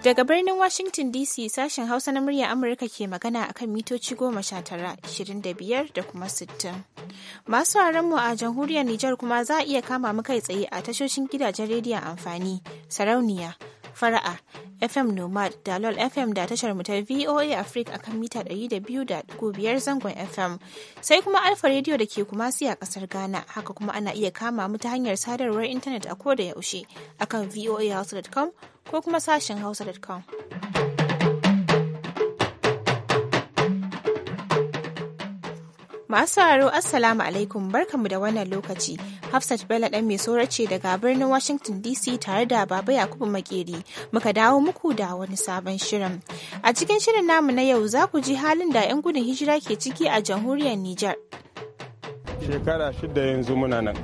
Daga birnin Washington DC sashen Hausa na murya Amurka ke magana akan mitoci goma sha tara, ashirin da biyar da kuma sittin. Masu mu a jamhuriyar Nijar kuma za a iya kama mu kai tsaye a tashoshin gidajen rediyon amfani, sarauniya, fara'a fm nomad da lol fm da tashar mu ta voa africa akan mita 200.5 zangon fm sai kuma alfa radio da ke kuma a kasar ghana haka kuma ana iya kama mu ta hanyar sadarwar intanet a koda yaushe akan voahausa.com ko kuma sashen hausa.com Masu haro Assalamu alaikum barkamu da wannan lokaci. Hafsat Bello ɗan mai ce daga birnin Washington DC tare da Baba Yakubu Makeri. Muka dawo muku da wani sabon shirin. A cikin shirin namu na yau za ku ji halin da 'yan gudun hijira ke ciki a jamhuriyar Nijar. Shekara shida yanzu muna nan.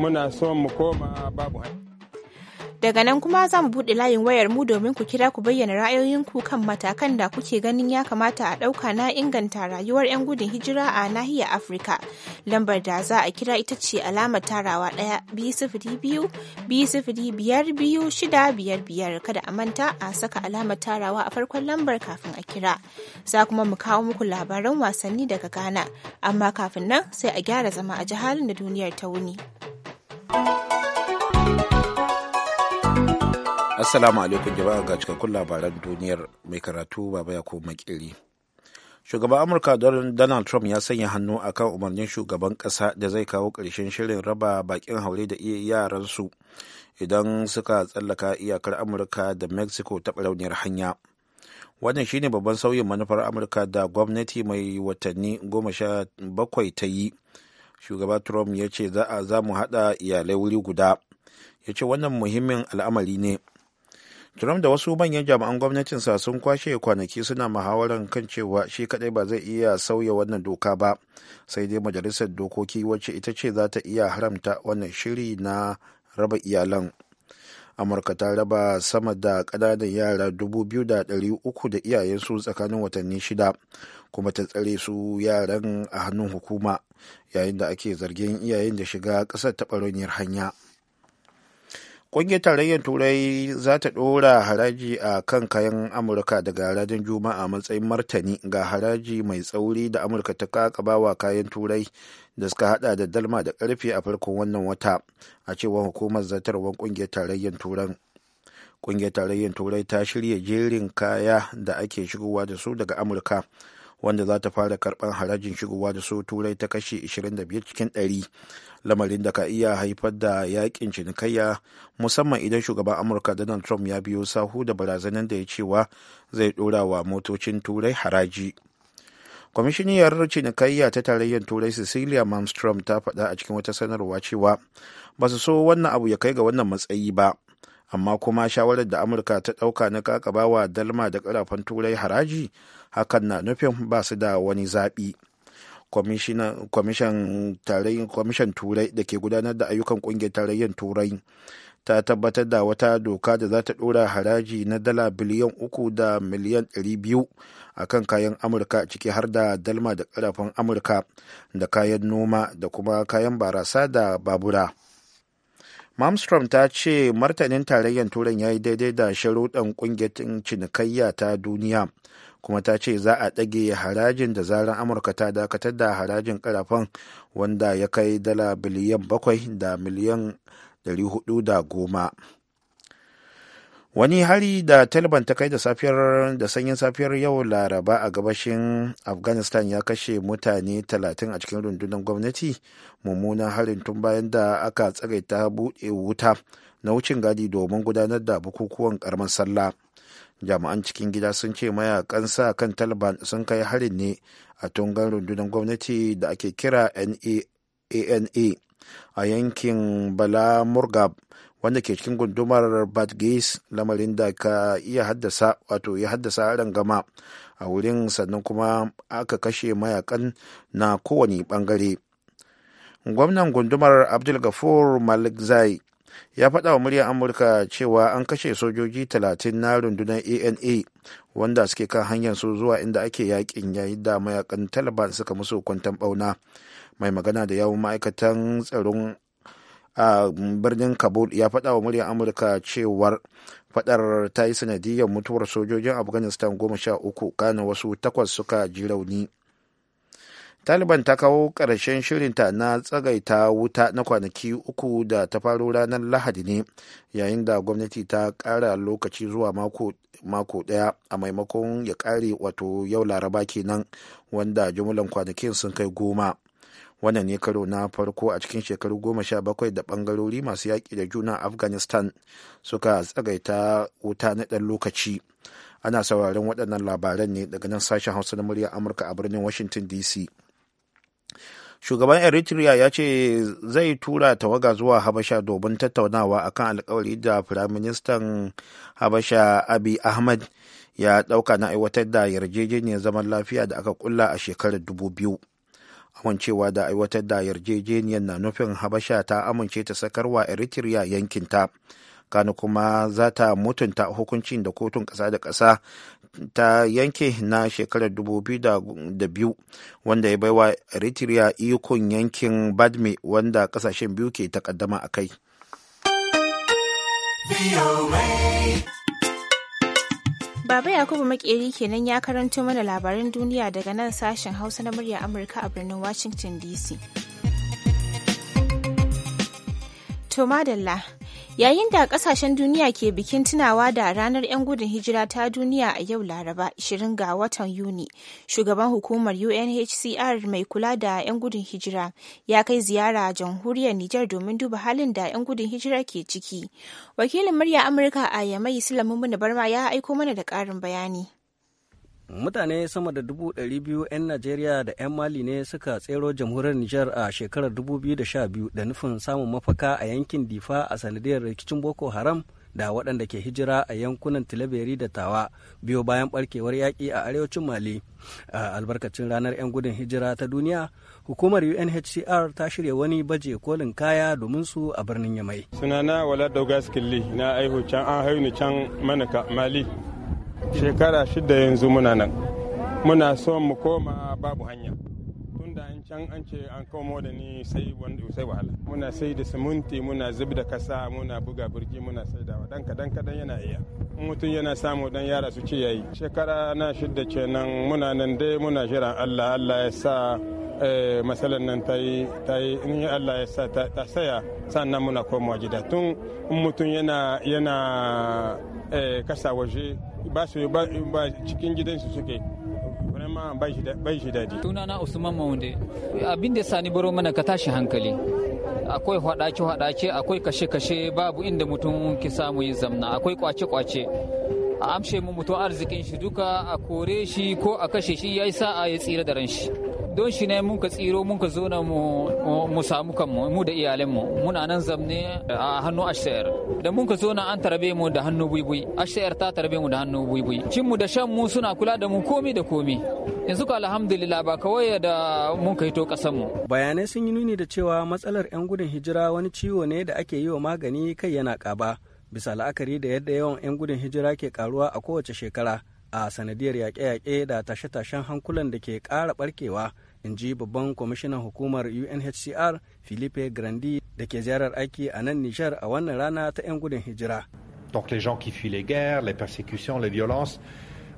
Muna son mu koma babu hanyar. Daga nan kuma za mu buɗe layin wayar mu domin ku kira ku bayyana ra'ayoyinku kan matakan da kuke ganin ya kamata a ɗauka na inganta rayuwar 'yan gudun hijira a nahiyar Afirka. Lambar da za a kira ita ce alamar tarawa ɗaya biyu sifiri biyu biyu sifiri biyar biyu shida biyar biyar kada a manta a saka alamar tarawa a farkon lambar kafin a kira. Za kuma mu kawo muku labaran wasanni daga Ghana amma kafin nan sai a gyara zama a jihar da duniyar ta wuni. thank you Assalamu alaikum jama'a ga cikakkun labaran duniyar mai karatu baba ya koma kiri. Shugaban Amurka Donald Trump ya sanya hannu a kan umarnin shugaban ƙasa da zai kawo ƙarshen shirin raba baƙin haure da iya yaransu idan suka tsallaka iyakar Amurka da Mexico ta barauniyar hanya. Wannan shine babban sauyin manufar Amurka da gwamnati mai watanni goma sha bakwai ta yi. Shugaba Trump ya ce za a za mu haɗa iyalai wuri guda. Ya ce wannan muhimmin al'amari ne. Trump da wasu manyan jami'an gwamnatin sa sun kwashe kwanaki suna muhawarar kan cewa shi kadai ba zai iya sauya wannan doka ba, sai dai majalisar dokoki wacce ita ce za ta iya haramta wannan shiri na raba iyalan. Amurka ta raba sama da ƙananan yara 2,300 da iyayensu tsakanin watanni shida, kuma ta tsare su yaran a hannun hukuma, yayin da ake zargin iyayen da shiga ƙasar taɓa hanya. ƙungiyar tarayyar turai za ta ɗora haraji a kan kayan amurka daga harajin juma'a matsayin martani ga haraji mai tsauri da amurka ta kakabawa kayan turai da suka hada da dalma da karfe a farkon wannan wata a cewar hukumar zartarwar ƙungiyar tarayyar turan kungiyar tarayyar turai ta shirya jerin kaya da ake shigowa da su daga amurka wanda za ta fara karɓar harajin shigowa da su turai ta kashe 25 cikin 100 lamarin da ka iya haifar da yakin cinikayya musamman idan shugaban amurka donald trump ya biyo sahu da barazanar da ya cewa zai dora wa motocin turai haraji kwamishiniyar cinikayya ta tarayyar turai cecilia malmstrom ta faɗa a cikin wata sanarwa cewa ba su so wannan abu ya kai ga wannan matsayi ba amma kuma shawarar da amurka ta ɗauka na kakabawa dalma da karafan turai haraji hakan na nufin ba su da wani zaɓi kwamishan turai da ke gudanar da ayyukan ƙungiyar tarayyar turai ta tabbatar da wata doka da za ta ɗora haraji na dala biliyan uku da miliyan ɗari biyu a kan kayan amurka ciki har da dalma da ƙarafin amurka da kayan noma da kuma kayan barasa da babura mamstrom ta ce martanin tarayyar Turai ya yi daidai da sharuɗan ƙungiyar cinikayya ta duniya kuma ta ce za a ɗage harajin da zarar amurka ta dakatar da harajin karafan wanda ya kai dala biliyan bakwai da miliyan da goma wani hari da taliban ta kai da da sanyin safiyar yau laraba a gabashin afghanistan ya kashe mutane 30 a cikin rundunar gwamnati mummunan harin tun bayan da aka tsagaita buɗe wuta na wucin gadi domin gudanar da bukukuwan karamar sallah jami'an cikin gida sun ce mayakan sa kan taliban sun kai harin ne a tungan rundunar gwamnati da ake kira na-ana a yankin bala murgab wanda ke cikin gundumar badgis lamarin da ka iya haddasa wato ya haddasa rangama a wurin sannan kuma aka kashe mayakan na kowane bangare gwamnan gundumar abdulgafur gafur malik zai ya faɗa wa muryar amurka cewa an kashe sojoji 30 na rundunar ana wanda suke kan hanyar su zuwa inda ake yakin yayin da mayakan taliban suka musu kwantan bauna mai magana da yawun ma'aikatan tsaron a birnin kabul ya faɗa wa muryar amurka cewar fadar ta yi sanadiyar mutuwar sojojin afghanistan goma sha uku kana wasu takwas suka ji rauni taliban ta kawo ƙarshen shirinta na tsagaita wuta na kwanaki uku da ta faru ranar lahadi ne yayin da gwamnati ta ƙara lokaci zuwa mako ɗaya a maimakon ya ƙare wato yau laraba kenan wanda jumlan kwanakin sun kai goma wannan ne karo na farko a cikin shekaru goma sha bakwai da bangarori masu yaƙi da juna afghanistan suka tsagaita wuta na ɗan lokaci ana sauraron waɗannan labaran ne daga nan sashen hausa na murya amurka a birnin washington dc shugaban eritrea ya ce zai tura tawaga zuwa habasha domin tattaunawa akan alkawari da firaministan habasha abi ahmad ya dauka na aiwatar da yarjejeniyar zaman lafiya da aka kulla a shekarar 2000 amincewa da aiwatar da yarjejeniyar na nufin habasha ta amince ta sakarwa eritrea yankinta kano kuma za ta mutunta hukuncin da kotun ƙasa da ƙasa ta yanke na shekarar 2002 wanda ya bai wa eritrea ikon yankin badme wanda kasashen biyu ke takaddama a kai Baba Yakubu Makeri kenan ya karanto mana labaran duniya daga nan sashen Hausa na murya Amurka a birnin Washington DC. To madalla Yayin da kasashen duniya ke bikin tunawa da ranar 'yan gudun hijira ta duniya a yau Laraba 20 ga watan Yuni, shugaban hukumar UNHCR mai kula da 'yan gudun hijira ya kai ziyara jamhuriyar Nijar domin duba halin da 'yan gudun hijira ke ciki. Wakilin murya Amurka a Yamai Sulaimu Barma ya aiko mana da karin bayani. mutane sama da dubu ɗari biyu 'yan najeriya da 'yan mali ne suka tsero jamhuriyar nijar a shekarar dubu 2012 da sha biyu da nufin samun mafaka a yankin difa a sanadiyar rikicin boko haram da waɗanda ke hijira a yankunan tilaberi da tawa biyo bayan ɓarkewar yaƙi a arewacin mali a albarkacin ranar 'yan gudun hijira ta duniya hukumar unhcr ta shirya wani baje kolin kaya domin su a birnin yamai sunana wala daugas na aihu can an haini can manaka mali shekara shida yanzu muna nan muna son mu koma babu hanya tunda an can an ce an komo da ni sai wanda sai wahala muna sai da siminti muna zub da kasa muna buga birki muna sai da wadan kadan kadan yana iya mutum yana samu dan yara su ce yayi shekara na shida kenan muna nan dai muna jiran Allah Allah ya sa eh, matsalar nan ta yi in yi Allah ya sa ta saya sannan muna komawa gida tun mutum yana yana Eh, kasa waje ba su ba cikin gidansu suke ma bai shi daɗi. Sunana Usman Maunde. Abin da sani baro mana ka tashi hankali. Akwai hwadace haɗace akwai kashe-kashe babu inda mutum ke samu yin zamna, akwai kwace-kwace. A amshe mu mutum arzikin shi duka a kore shi ko a kashe shi ya yi sa'a ya tsira da ran shi. don shi ne mun ka tsiro mun ka zo na mu samu kanmu mu da iyalanmu muna nan zamne a hannu ashayar da mun ka zo an tarbe mu da hannu buibui ashayar ta tarbe mu da hannu buibui cin mu da shan mu suna kula da mu komi da komi yanzu ka alhamdulillah ba kawai da mun ka hito kasan mu bayanai sun yi nuni da cewa matsalar yan gudun hijira wani ciwo ne da ake yi wa magani kai yana kaba bisa la'akari da yadda yawan yan gudun hijira ke karuwa a kowace shekara a sanadiyar yaƙe-yaƙe da tashe-tashen hankulan da ke ƙara ɓarkewa in ji babban kwamishinan hukumar unhcr philippe grandi da ke ziyarar aiki a nan Nijar a wannan rana ta 'yan gudun hijira Donc les gens qui fuient les guerres, les persécutions, les violences,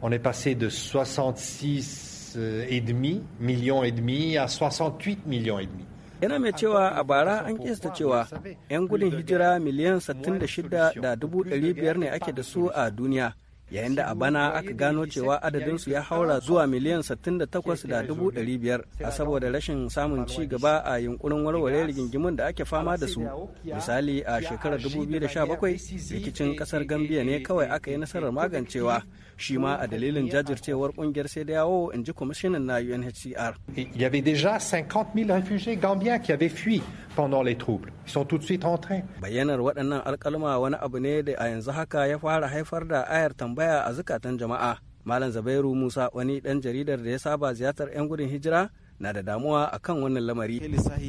on est passé de 66 et demi millions et demi à 68 millions et demi. yana mai cewa a bara an kista cewa 'yan gudun hijira miliyan 66 da 500 ne ake da su a duniya yayin da a bana aka gano cewa adadinsu ya haura zuwa miliyan 68,500 a saboda rashin samun ci gaba a yunkurin warware rigingimun da ake fama da su misali a shekarar 2017 rikicin kasar gambia ne kawai aka yi nasarar magancewa shi ma a dalilin jajircewar kungiyar sai da yawo in ji kwamishinan na UNHCR. Il y avait déjà 50 réfugiés gambiens qui avaient fui pendant les troubles. Ils sont tout de suite Bayyanar waɗannan alkalma wani abu ne da a yanzu haka ya fara haifar da ayar tambaya a zukatan jama'a. Malam Zabairu Musa wani ɗan jaridar da ya saba ziyartar 'yan gudun hijira na da damuwa a kan wannan lamari.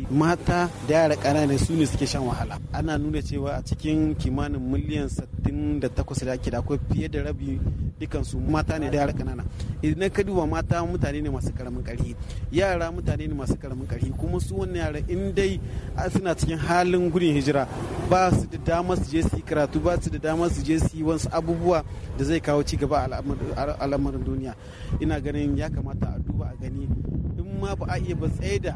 Mata da yara ƙanana su ne suke shan wahala. Ana nuna cewa a cikin kimanin miliyan 68 da ake da akwai fiye da rabi dukansu mata ne da yara ƙanana. Idan ka duba mata mutane ne masu karamin ƙarfi. Yara mutane ne masu karamin ƙarfi kuma su wannan yara in dai suna cikin halin gudun hijira ba su da damar su je su yi karatu ba su da damar su je su yi wasu abubuwa da zai kawo ci gaba a al'amarin duniya. Ina ganin ya kamata a duba a gani in ma ba a iya da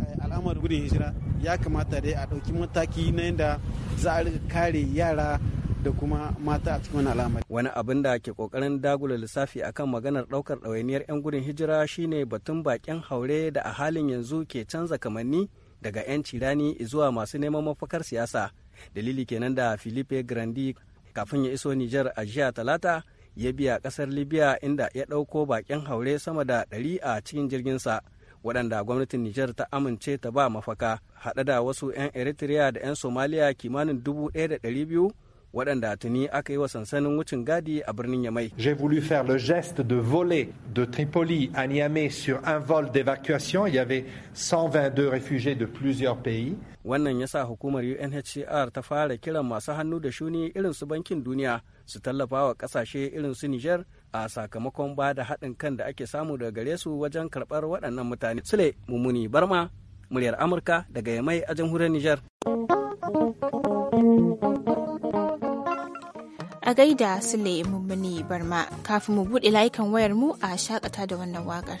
eh, al'amarin gudun hijira ya kamata dai a ɗauki mataki na yadda za a riga kare yara da kuma mata a cikin al'amari. Wani abin da ke kokarin dagula lissafi akan maganar ɗaukar ɗawainiyar 'yan gudun hijira shine batun baƙin haure da a halin yanzu ke canza kamanni daga 'yanci rani zuwa masu neman mafakar siyasa. Dalili kenan da Filipe Grandi kafin ya iso Nijar a jiya talata ya biya ƙasar Libya inda ya ɗauko baƙin haure sama da ɗari a cikin jirginsa. sa. waɗanda gwamnatin Nijar ta amince ta ba mafaka haɗe da wasu 'yan Eritrea da 'yan Somalia kimanin 1,200 waɗanda tuni aka yi wa sansanin wucin gadi a birnin Yamai. J'ai voulu faire le geste de voler de Tripoli à Niamey sur un vol d'évacuation. Il y avait 122 réfugiés de plusieurs pays. Wannan ya sa hukumar UNHCR ta fara kiran masu hannu da shuni irin su Bankin Duniya su tallafa wa ƙasashe irin su Niger a sakamakon ba da haɗin kan da ake samu daga gare su wajen karɓar waɗannan mutane sule mummuni barma muryar amurka daga yamai a jamhuriyar nijar a gaida sule mummuni barma kafin mu buɗe layukan wayar mu a shakata da wannan waƙar.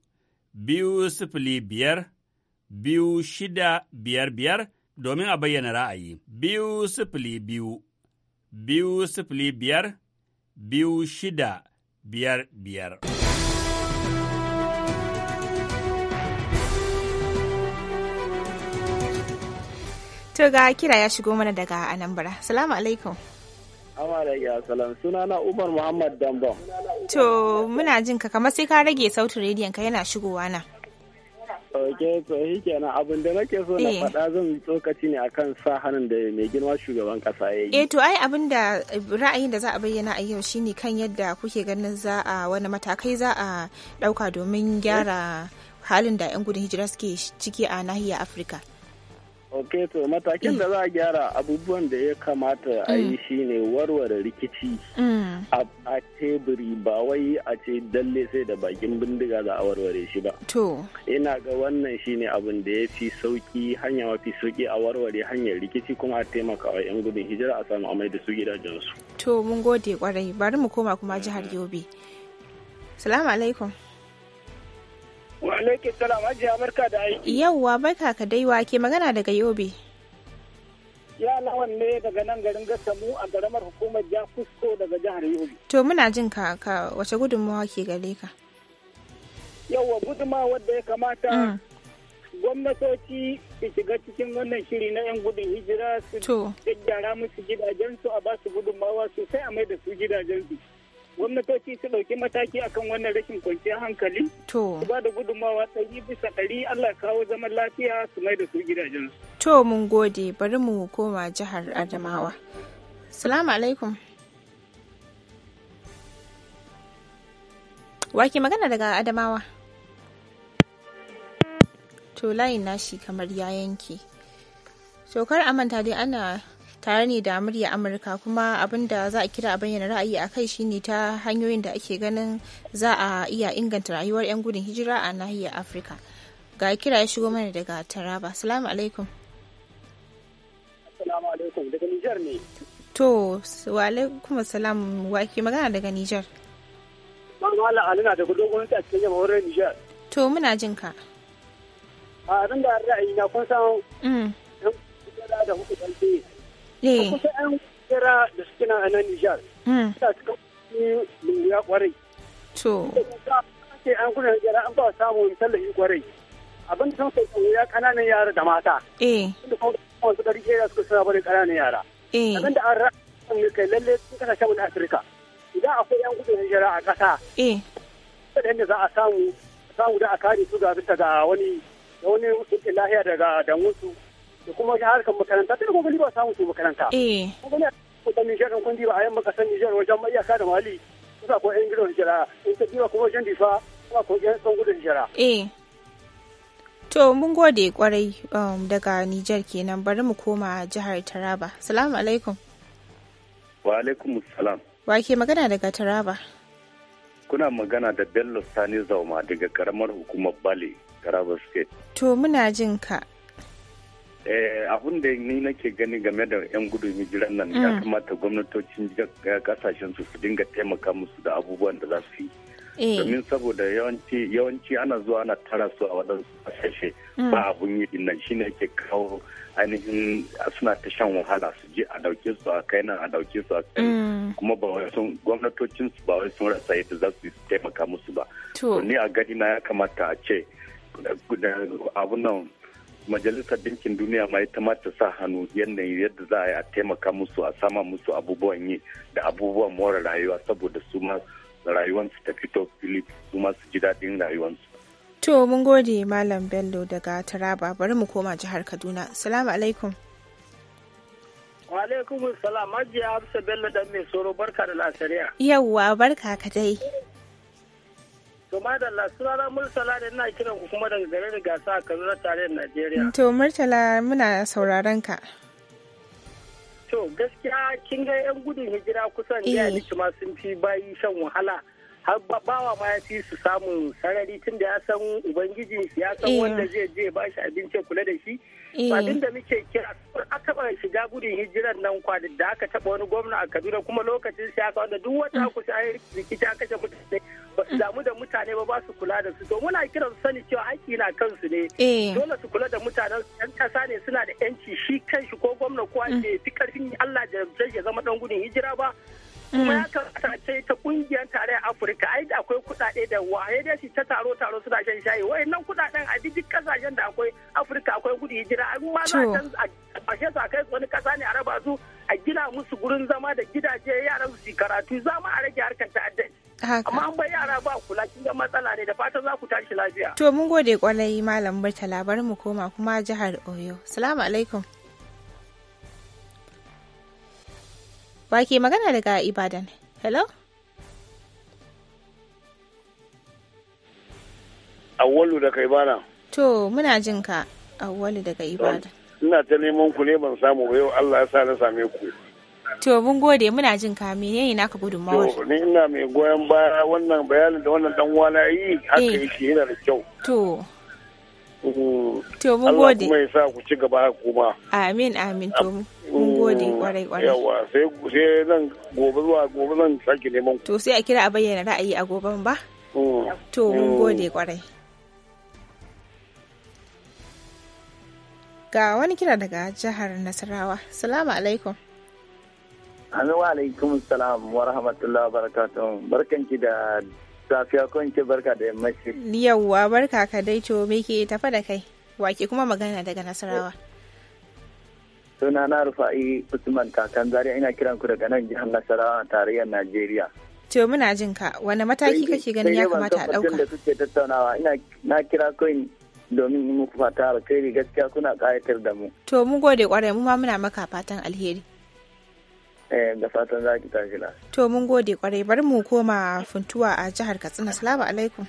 biyu sifili biyar biyu shida biyar biyar domin a bayyana ra'ayi biyu sifili biyu biyu sifili biyar biyu shida biyar biyar. To kira ya shigo mana daga Anambra. Salamu alaikum. Amalaiya sunana Umar Muhammad Dambon. To muna jin ka kamar sai ka rage sautin rediyon ka yana shigowa na. Ok, to shi kenan abin da nake so na eh. faɗa zan tsokaci ne akan sa hannun da mai girma shugaban kasa ya yi. Eh, to ai abin da ra'ayin da za a bayyana a yau shine kan yadda kuke ganin za a wani matakai za a ɗauka domin gyara halin da 'yan gudun hijira suke ciki a nahiyar Afirka. ok to matakin da za a gyara abubuwan da ya kamata a yi mm. shine warware rikici mm. a teburi ba wai a ce dalle sai da bakin bindiga za a warware shi ba to ina ga wannan shine abin da ya fi sauki hanya mafi sauki a warware hanyar rikici kuma a taimaka wa 'yan gudun hijira a samu amai da su gidajensu to mun gode kwarai bari mu koma kuma jihar yobe salamu alaikum Wa alaikum salam hajiya barka da aiki. Yawwa barka ka dai wa ke magana daga Yobe. Ya lawan ne daga nan garin Gasamu a garamar hukumar Jakusko daga jihar Yobe. To muna jin ka ka wace gudunmawa ke gare ka? Yawwa gudunmawa wadda ya kamata mm. gwamnatoci su shiga cikin wannan shiri na 'yan gudun hijira su gyara musu gidajensu a basu su gudunmawa sosai a mai da su gidajensu. gwamnatoci su ɗauki mataki akan wannan rashin kwanciyar hankali to ba da gudunmawa ɗari bisa ɗari allah kawo zaman lafiya su mai da su gidajensu to mun gode bari mu koma jihar adamawa salamu alaikum wake magana daga adamawa to layin nashi kamar ya yanke. a amanta dai ana tare ne da murya amurka kuma abin da za a kira a bayyana ra'ayi a kai shine ta hanyoyin da ake ganin za a iya inganta rayuwar 'yan gudun hijira a nahiyar afirka ga kira ya shigo mana daga taraba salamu alaikum alaikum daga nijar ne to wa alaikum wa ke magana daga nijar Mamala Alina daga dogon a cikin jamhuriyar Nijar. To muna jin ka. A abin da ra'ayi na kun san. Mm. da hukuntar Eh. Kusa yan kera da suke nan a nan Nijar. Hmm. Suna cikin lumbuya kwarai. To. Ake an gudun jira an ba samun tallafi kwarai. Abin da sun kai ya kananan yara da mata. Eh. Inda kuma wasu gari jera suka suna bari kananan yara. Eh. Abin da an ra'ayin ne kai lalle sun kasashen wani Afirka. Idan akwai yan gudun jira a ƙasa. Eh. Yadda za a samu samu da a kare su ga bisa ga wani da wani lahiya daga dangunsu. da kuma wajen harkar makaranta tun kuma ba samu su makaranta. Eh. Kuma ne kuɗin Nijar ɗin kundi ba a yamma ƙasar Nijar wajen iyaka da Mali kusa ko yan gidan Nijar in ta biya kuma wajen difa kuma ko yan son gudun Nijar. Eh. To mun gode kwarai um, daga Nijar kenan bari mu koma jihar Taraba. Salamu alaikum. Wa alaikum salam. Wa ke magana daga Taraba? Kuna magana da Bello Sani Zauma daga karamar hukumar Bali, Taraba State. To muna jin ka. Eh, abun da ni nake gani game da 'yan gudun hijiran nan ya mm. kamata gwamnatocin kasashen su dinga taimaka musu da abubuwan da za su yi eh. domin saboda yawanci ana zuwa ana tara su a waɗansu kasashe mm. ba abun yi dinnan ne ke kawo ainihin suna ta shan wahala su je a dauke su a kai nan a dauke su a kai mm. kuma ba wai sun gwamnatocin su ba wai sun rasa yadda za su taimaka musu ba to ni a gani na ya kamata a ce abun nan majalisar dinkin duniya ma ita ta sa hannu yadda yadda za a a taimaka musu a sama musu abubuwan yi da abubuwan more rayuwa saboda su ma rayuwansu ta fito fili su ma su ji daɗin rayuwansu. To mun gode Malam Bello daga Taraba bari mu koma jihar Kaduna. Salamu alaikum. Wa alaikum salam Hajiya Hafsa Bello dan mai soro barka da lasariya. Yawwa barka ka dai. To madalla sunana Murtala da ina kiran ku kuma daga garin gasa a Kaduna tarayyar Najeriya. To Murtala muna sauraron ka. To gaskiya kin ga 'yan gudun hijira kusan jiya eh. ma sun fi bayi shan wahala. har bawa ma ya fi su samun sarari tun da ya san ubangiji ya san eh. wanda zai je ba shi abinci kula da shi eh. abin da muke kira aka ba shiga gudun hijirar nan kwada da aka taba wani gwamna a Kaduna kuma lokacin siyasa wanda duk wata mm. ku sai rikici aka kashe mutane ba su mm. damu da mutane ba ba su kula da su to muna kira su sani cewa haƙƙi na kansu ne eh. dole su kula da mutanen yan kasa ne suna da yanci shi kanshi ko gwamna ko ce mm. fi karfin Allah da zai zama dan gudun hijira ba kuma ya mm. kamata ce ta kungiyar tarayyar afirka ai da akwai kudade da waye da shi ta taro taro suna shan shayi nan kudaden a duk kasashen da akwai afirka akwai gudu hijira an ma za a bashe su a kai wani kasa ne a raba su a gina musu gurin zama da gidaje yaran su karatu zama a rage harkar ta'addanci amma an bai yara ba kula kin ga matsala ne da fatan za ku tashi lafiya to mun gode kwalai malam Murtala bari mu koma kuma jihar Oyo salamu alaikum Wa ke magana daga Ibadan? Hello? Awwalu daga Ibadan. To, muna jin ka Awwalu daga Ibadan. Ina ta neman ku ne ban samu ba yau Allah ya sa na same ku. To, mun gode muna jin ka menene naka gudunmawar? To, ni ina mai goyon baya wannan bayani da wannan dan wala yi haka eh. yake yana da kyau. To, mm. To mun gode. Allah kuma ya sa ku ci gaba kuma. Amin amin to. Mun gode kwarai kwarai. Yawa sai zan gobe zuwa gobe zan sake neman. To sai a kira a bayyana ra'ayi a goben ba? Mm. To mun mm. gode kwarai. Ga wani kira daga jihar Nasarawa. Salamu alaikum. Anuwa alaikum salam wa rahmatullahi wa barakatuhu. Barkanki da safiya ko ce barka da yammaci. Yawwa barka ka dai to me ke tafa da kai? wa ke kuma magana daga Nasarawa. suna na rufa'i usman kakan zaria ina kiran ku daga nan jihar nasarawa tarayyar najeriya to muna jin ka wani mataki kake ganin ya kamata a dauka da suke tattaunawa ina na kira koyin domin yi kuma ta alheri gaskiya kuna kayatar da mu to mu gode kwarai mu ma muna maka fatan alheri eh da fatan za tashi lafiya to mun gode kwarai bari mu koma funtuwa a jihar katsina salamu alaikum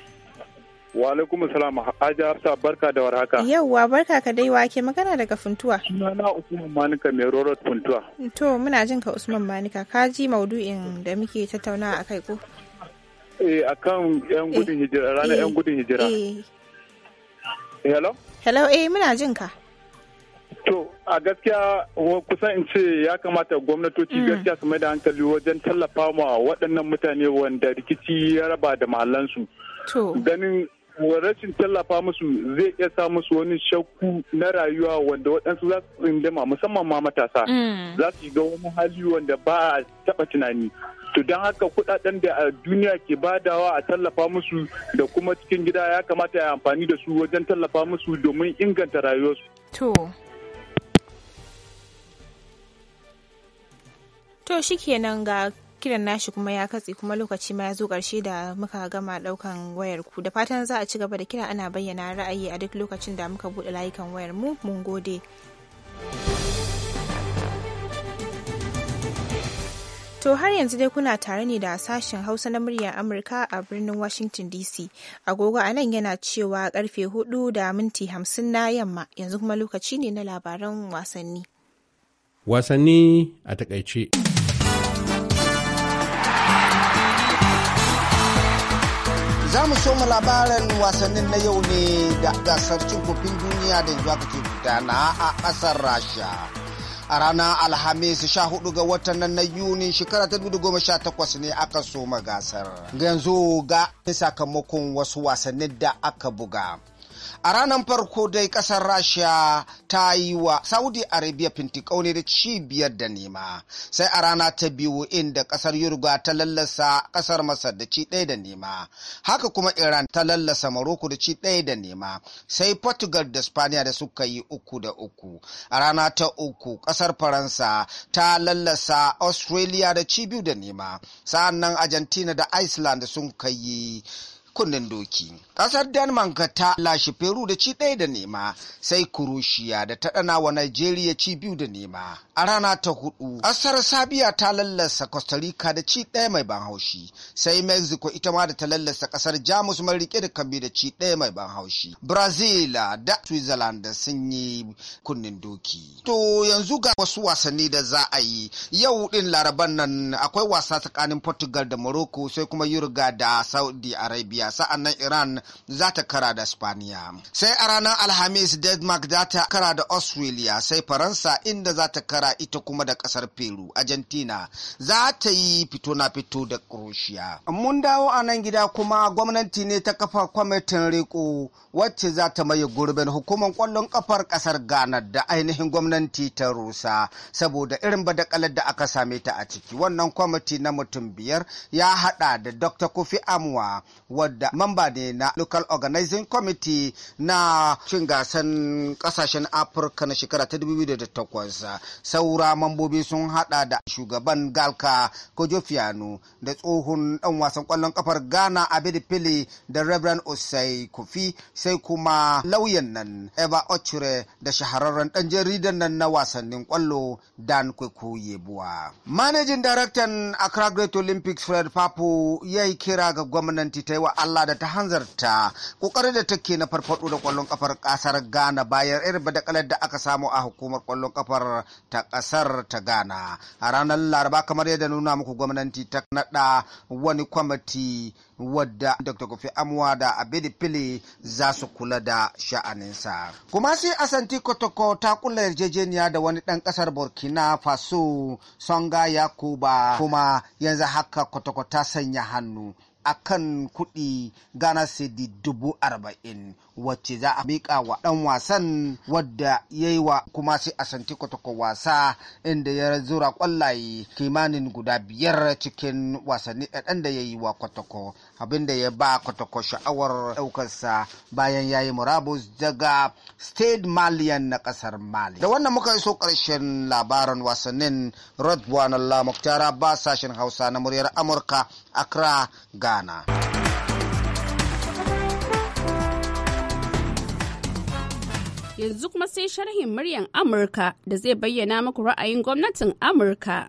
Wa alaikum salam Hajiya Hafsa barka da warhaka. wa barka ka dai wake magana daga Funtuwa. Sunana Usman Manika mai Rorot Funtuwa. To muna jin ka Usman Manika ka ji maudu'in da muke tattaunawa kai ko? Eh akan yan eh. gudun hijira ranar yan eh. gudun hijira. Eh. Hello? Hello eh muna jin ka. To a gaskiya kusan in ce ya kamata gwamnatoci mm. gaskiya su mai da hankali wajen tallafa ma waɗannan mutane wanda rikici ya raba da mahallansu. To. Ganin rashin tallafa musu zai iya sa musu wani shakku na rayuwa wanda waɗansu za su rindama musamman ma matasa mm. za su ga wani hali wanda ba a taɓa tunani to don haka kuɗaɗen da a duniya ke badawa a tallafa musu da kuma cikin gida ya kamata ya amfani da su wajen tallafa musu domin inganta rayuwarsu. To. To shikenan ga kiran nashi kuma ya katse kuma lokaci ma ya zo ƙarshe da muka gama ɗaukan wayar ku da fatan za a ci gaba da kira ana bayyana ra'ayi a duk lokacin da muka buɗe layukan wayar mu mun gode. To har yanzu dai kuna tare ne da sashen Hausa na muryar Amurka a birnin Washington DC. Agogo a nan yana cewa karfe 4 da minti 50 na yamma yanzu kuma lokaci ne na labaran wasanni. Wasanni a takaice. Za mu so mu labarin wasannin na yau ne da gasar cin kofin duniya da yanzu aka ke gudana a ƙasar Rasha. A ranar Alhamis sha ga watan nan na Yuni shekara ta ne aka soma gasar. Ga yanzu ga sakamakon wasu wasannin da aka buga. a ranar farko dai ƙasar rasha ta yi wa saudi arabia fintiƙau ne da cibiyar da nema sai a rana ta biyu inda ƙasar yurga ta lallasa ƙasar masar da ci ɗaya da nema haka kuma iran ta lallasa maroko da ci ɗaya da nema sai portugal da spaniya da suka yi uku da uku a rana ta uku ƙasar faransa ta lallasa australia da ci biyu da nema sannan argentina da iceland sun kai kunnen doki. Kasar Denmark ta lashe Peru da ci ɗaya da nema sai Kurushiya da ta ɗana wa Najeriya ci biyu da nema. A rana ta hudu, ƙasar Sabiya ta lallasa Costa Rica da ci ɗaya mai ban haushi, sai Mexico ita ma da ta lallasa ƙasar Jamus mai rike da kambi da ci ɗaya mai ban haushi. Brazil da Switzerland sun yi kunnen doki. To yanzu ga wasu wasanni da za a yi yau ɗin laraban nan akwai wasa tsakanin Portugal da Morocco sai kuma Yurga da Saudi Arabia. Turkiya sa'an nan Iran za ta kara da Spaniya. Sai a ranar Alhamis Denmark za ta kara da Australia sai Faransa inda za ta kara ita kuma da kasar Peru. Argentina za ta yi fito na fito da Croatia. Mun dawo a nan gida kuma gwamnati ne ta kafa kwamitin riko wacce za ta maye gurbin hukumar kwallon kafar kasar Ghana da ainihin gwamnati ta rusa saboda irin badakalar da aka same ta a ciki. Wannan kwamiti na mutum biyar ya hada da Dr. Kofi Amwa da mamba ne na local organizing committee na cin gasan kasashen afirka na shekara ta 2008 saura mambobi sun hada da shugaban galka kojofiano da tsohon dan wasan kwallon kafar ghana abid pili da reverend osai kofi sai kuma lauyan nan eva ochre da shahararren dan jaridan nan na wasannin kwallo dan kweku yebuwa managing director akra great olympics fred papu ya yi kira ga gwamnati ta yi wa Allah da ta hanzarta kokari da take na farfado da kwallon kafar kasar Ghana bayan irin badakalar da aka samu a hukumar kwallon kafar ta kasar ta Ghana. A ranar Laraba kamar yadda nuna muku gwamnati ta nada wani kwamiti wadda Dr. Kofi Amwa da Abedi Pili za su kula da sha'aninsa. Kuma sai Asanti Kotoko ta kula yarjejeniya da wani ɗan ƙasar Burkina Faso Songa Yakuba kuma yanzu haka Kotoko ta sanya hannu a kan kuɗi gana Cedi dubu arba'in wacce za a miƙa wa ɗan wasan wadda ya yi wa kuma sai a santi kwatako wasa inda ya zura ƙwallaye kimanin guda biyar cikin wasanni ɗan-ɗan da ya yi wa kwatakwa abinda ya ba kwatakwa sha'awar ɗaukarsa bayan ya yi murabus daga state malian na ƙasar mali da wannan muka iso ƙarshen labaran wasannin rodwan allah muktara ba sashen hausa na muryar amurka accra ghana yanzu kuma sai sharhin muryan amurka da zai bayyana muku ra'ayin gwamnatin amurka.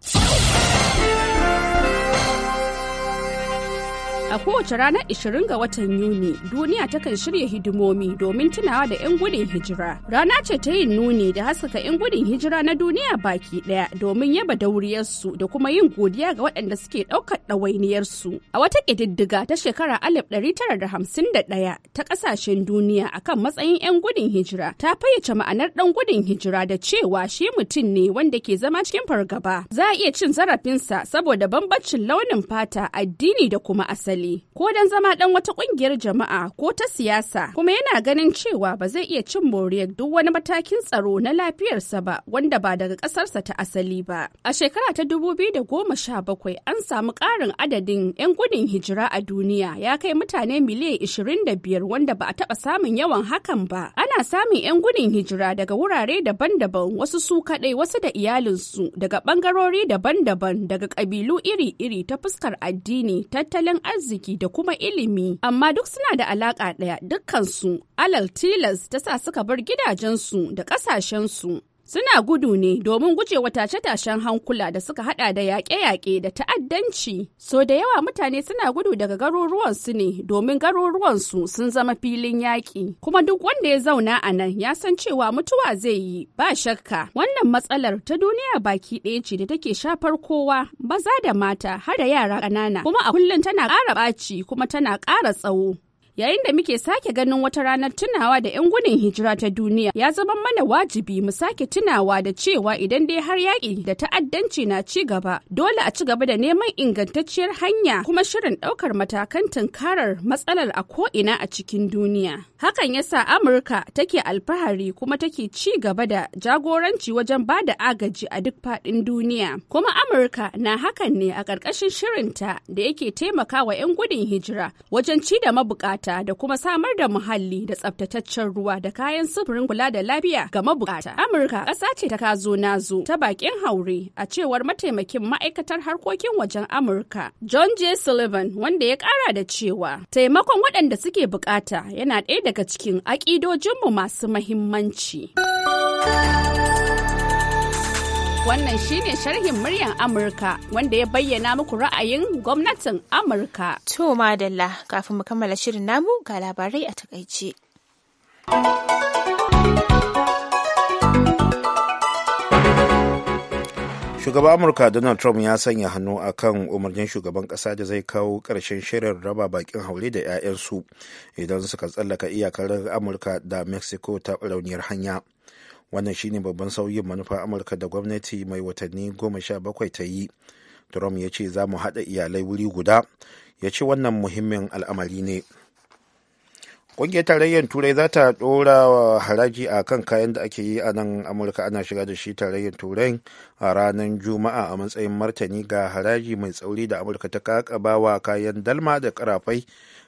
A kowace ranar 20 ga watan Yuni, duniya takan shirya hidimomi domin tunawa da 'yan gudun hijira. Rana ce ta yin nuni da haskaka 'yan gudun hijira na duniya baki ɗaya domin yaba dauriyarsu da kuma yin godiya ga waɗanda suke ɗaukar ɗawainiyarsu. A wata ƙididdiga ta shekara 1951 ta ƙasashen duniya akan matsayin 'yan gudun hijira ta fayyace ma'anar ɗan gudun hijira da cewa shi mutum ne wanda ke zama cikin fargaba. Za a iya cin zarafinsa saboda bambancin launin fata, addini da kuma asali. hankali ko dan zama dan wata kungiyar jama'a ko ta siyasa kuma yana ganin cewa ba zai iya cin moriyar duk wani matakin tsaro na lafiyarsa ba wanda ba daga ƙasarsa ta asali ba. A shekara ta dubu biyu da goma sha bakwai an samu ƙarin adadin 'yan gudun hijira a duniya ya kai mutane miliyan ishirin da biyar wanda ba a taɓa samun yawan hakan ba. Ana samun 'yan gudun hijira daga wurare daban-daban wasu su kaɗai wasu da iyalinsu daga ɓangarori daban-daban daga ƙabilu iri-iri ta fuskar addini tattalin arziki arziki da kuma ilimi amma duk suna da alaƙa ɗaya dukkansu alal tilas ta sa suka bar gidajensu da ƙasashensu Suna gudu ne domin gujewa tashe-tashen hankula da suka hada da yaƙe-yaƙe da ta'addanci. So da yawa mutane suna gudu daga garuruwansu ne domin garuruwansu sun zama filin yaƙi. Kuma duk wanda ya zauna a nan ya san cewa mutuwa zai yi ba shakka. Wannan matsalar ta duniya baki ɗaya ce da take shafar kowa maza da mata har da yara ƙanana. Kuma a kullum tana ƙara ɓaci kuma tana ƙara tsawo. yayin da muke sake ganin wata ranar tunawa da 'yan gudun hijira ta duniya ya zama mana wajibi mu sake tunawa da cewa idan dai har yaƙi da ta'addanci na ci gaba dole a ci gaba da neman ingantacciyar hanya kuma shirin ɗaukar matakan tunkarar matsalar a ko'ina a cikin duniya hakan yasa amurka take alfahari kuma take ci gaba da jagoranci wajen ba da agaji a duk faɗin duniya kuma amurka na hakan ne a ƙarƙashin shirinta da yake taimakawa 'yan gudun hijira wajen ci da mabuƙata. bukata da kuma samar da muhalli da tsabtataccen ruwa da kayan sufurin kula da lafiya ga mabukata. Amurka ƙasa ce ta kazo nazo ta bakin haure a cewar mataimakin ma'aikatar harkokin wajen Amurka John J. Sullivan wanda ya ƙara da cewa taimakon waɗanda suke bukata yana ɗaya daga cikin aƙidojinmu masu mahimmanci. Wannan shine sharhin muryar Amurka wanda ya bayyana muku ra'ayin gwamnatin Amurka. To madalla kafin mu kammala shirin namu ga labarai a takaice. Shugaban Amurka Donald Trump ya sanya hannu a kan umarnin shugaban ƙasa da zai kawo ƙarshen shirin raba bakin haure da 'ya'yansu idan suka tsallaka iyakar Amurka da Mexico ta rauniyar hanya. wannan shine babban sauyin manufa amurka da gwamnati mai watanni goma sha bakwai ta yi trump ya ce za mu haɗa iyalai wuri guda ya ce wannan muhimmin al'amari ne ƙungiyar tarayyar turai za ta ɗora haraji a kan kayan da ake yi a nan amurka ana shiga da shi tarayyar turai a ranar juma'a a matsayin martani ga haraji mai tsauri da amurka ta kakaba wa kayan dalma da karafai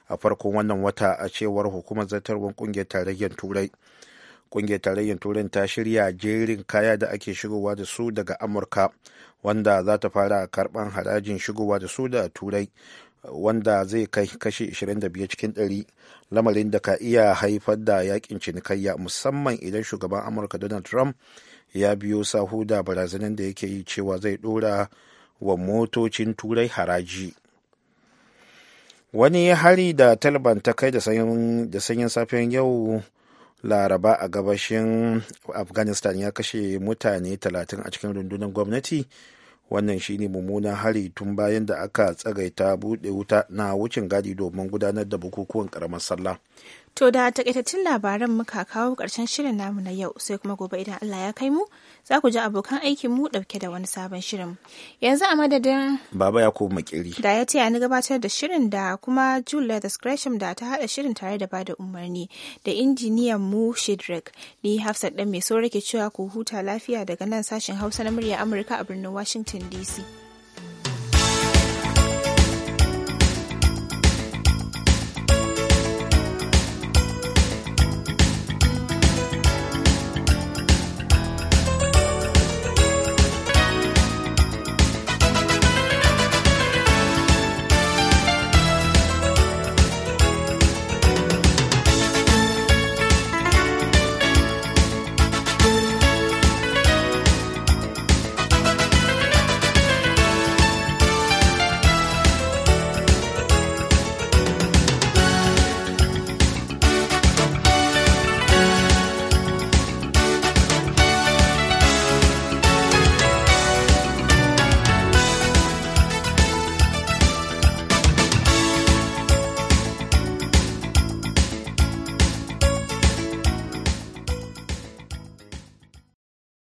a farkon wannan wata a cewar hukumar zartarwar ƙungiyar tarayyar turai ƙungiyar tarayyar turai ta shirya jerin kaya da ake shigowa da su daga amurka wanda za ta fara karban harajin shigowa da su da turai wanda zai kai kashi 25 cikin 100 lamarin da ka iya haifar da yakin cinikayya musamman idan shugaban amurka donald trump ya biyo sahu da barazanin da yake yi cewa zai dora wa motocin turai haraji wani hari da taliban ta kai da sanyin safiyar yau laraba a gabashin afghanistan ya kashe mutane 30 a cikin rundunar gwamnati wannan shine mummunan hari tun bayan da aka tsagaita bude wuta na wucin gadi domin gudanar da bukukuwan karamar sallah To da takaitattun labaran muka kawo ƙarshen shirin namu na yau sai kuma gobe idan Allah ya kai mu za ku ji abokan aikin mu ɗauke da wani sabon shirin. Yanzu a madadin Baba ya koma makiri. Da ya taya ni gabatar da shirin da kuma Julia Discretion da ta haɗa shirin tare da bada umarni da injiniyan mu Shidrek. Ni Hafsat ɗan mai saurake cewa ku huta lafiya daga nan sashen Hausa na murya Amurka a birnin Washington DC.